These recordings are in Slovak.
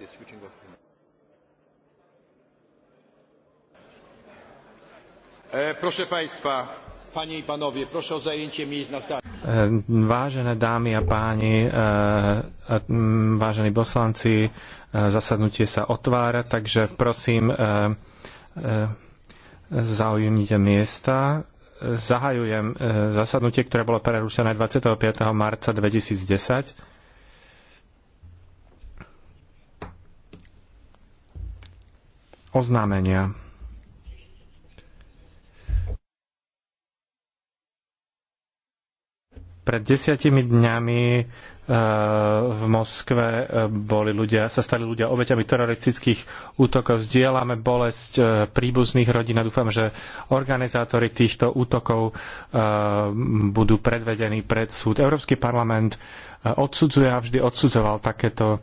the switching off. E, proszę Państwa, Panie i Panowie, proszę o zajęcie miejsc na sali. E, vážené dámy a páni, e, vážení poslanci, zasadnutie sa otvára, takže prosím, zaujímite miesta. Zahajujem zasadnutie, ktoré bolo prerušené 25. marca 2010. oznámenia. Pred desiatimi dňami e, v Moskve e, boli ľudia, sa stali ľudia obeťami teroristických útokov. Zdieľame bolesť e, príbuzných rodín a dúfam, že organizátori týchto útokov budú predvedení pred súd. Európsky parlament odsudzuje a vždy odsudzoval takéto,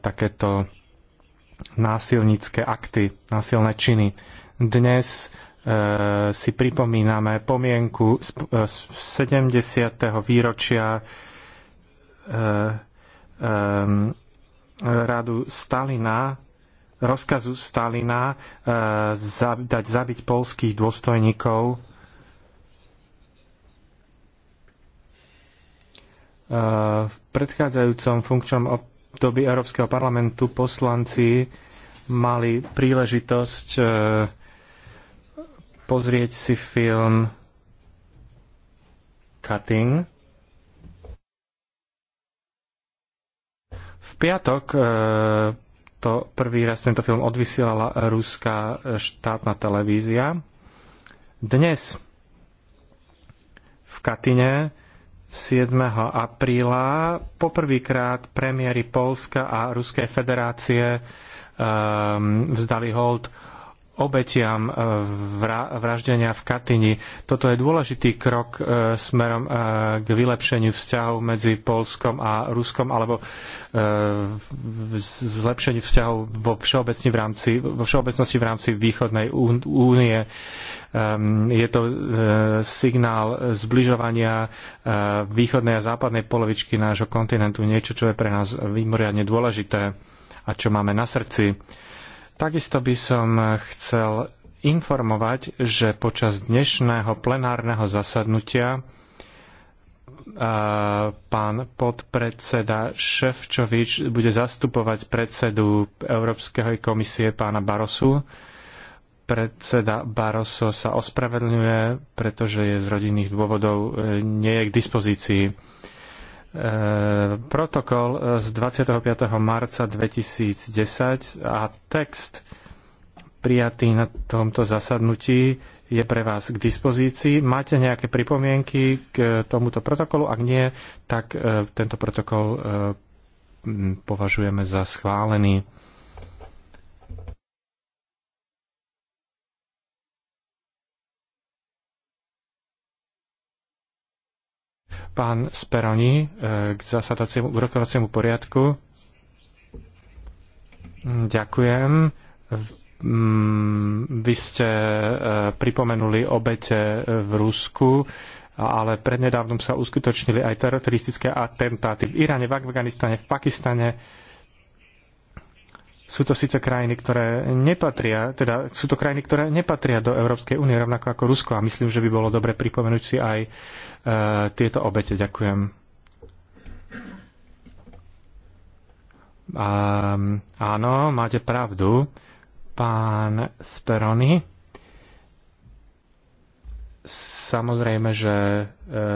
takéto násilnícke akty, násilné činy. Dnes e, si pripomíname pomienku z, e, z 70. výročia e, e, radu Stalina, rozkazu Stalina e, za, dať zabiť polských dôstojníkov. E, v predchádzajúcom funkčnom ob doby Európskeho parlamentu poslanci mali príležitosť e, pozrieť si film Cutting. V piatok e, to prvý raz tento film odvysielala ruská štátna televízia. Dnes v Katine 7. apríla poprvýkrát premiéry Polska a Ruskej federácie um, vzdali hold obetiam e, vraždenia v Katyni. Toto je dôležitý krok e, smerom e, k vylepšeniu vzťahov medzi Polskom a Ruskom alebo zlepšeniu vzťahov vo, v rámci, vo všeobecnosti v rámci východnej únie. Ehm, je to signál zbližovania východnej a západnej polovičky nášho kontinentu, niečo, čo je pre nás mimoriadne dôležité a čo máme na srdci Takisto by som chcel informovať, že počas dnešného plenárneho zasadnutia pán podpredseda Ševčovič bude zastupovať predsedu Európskej komisie pána Barosu. Predseda Baroso sa ospravedlňuje, pretože je z rodinných dôvodov e, nie je k dispozícii. Eh, protokol eh, z 25. marca 2010 a text prijatý na tomto zasadnutí je pre vás k dispozícii. Máte nejaké pripomienky k tomuto protokolu? Ak nie, tak eh, tento protokol považujeme za schválený. Pán Speroni eh, k zasadaciemu úrokovaciemu poriadku. Mm, ďakujem. Mm, vy ste eh, pripomenuli obete eh, v Rusku ale prednedávnom sa uskutočnili aj teroristické atentáty v Iráne, v Afganistane, v Pakistane sú to síce krajiny, ktoré nepatria, teda sú to krajiny, ktoré nepatria do Európskej únie, rovnako ako Rusko a myslím, že by bolo dobre pripomenúť si aj e, tieto obete. Ďakujem. A, áno, máte pravdu, pán Speroni. Samozrejme, že e,